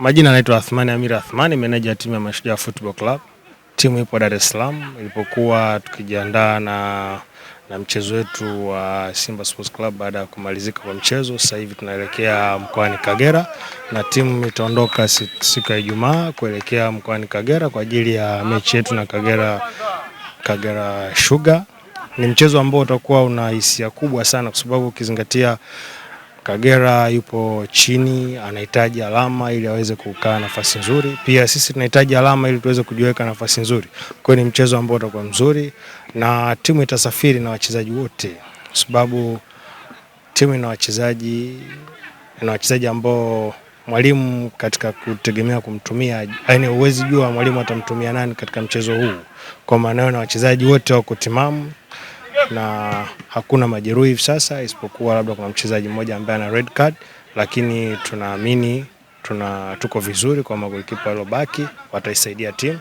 Majina naitwa Athmani Amir Athmani, meneja timu ya Mashujaa Football Club. Timu ipo Dar es Salaam ilipokuwa tukijiandaa na, na mchezo wetu wa Simba Sports Club. Baada ya kumalizika kwa mchezo, sasa hivi tunaelekea mkoani Kagera na timu itaondoka siku ya Ijumaa kuelekea mkoani Kagera kwa ajili ya mechi yetu na Kagera, Kagera Sugar. Ni mchezo ambao utakuwa una hisia kubwa sana kwa sababu ukizingatia Kagera yupo chini, anahitaji alama ili aweze kukaa nafasi nzuri. Pia sisi tunahitaji alama ili tuweze kujiweka nafasi nzuri. Kwa hiyo ni mchezo ambao utakuwa mzuri na timu itasafiri na wachezaji wote, sababu timu ina wachezaji ina wachezaji ambao mwalimu katika kutegemea kumtumia, yaani huwezi jua mwalimu atamtumia nani katika mchezo huu. Kwa maana na wachezaji wote wako timamu na hakuna majeruhi hivi sasa, isipokuwa labda kuna mchezaji mmoja ambaye ana red card, lakini tunaamini tuna tuko vizuri kwa magolikipa waliobaki wataisaidia timu.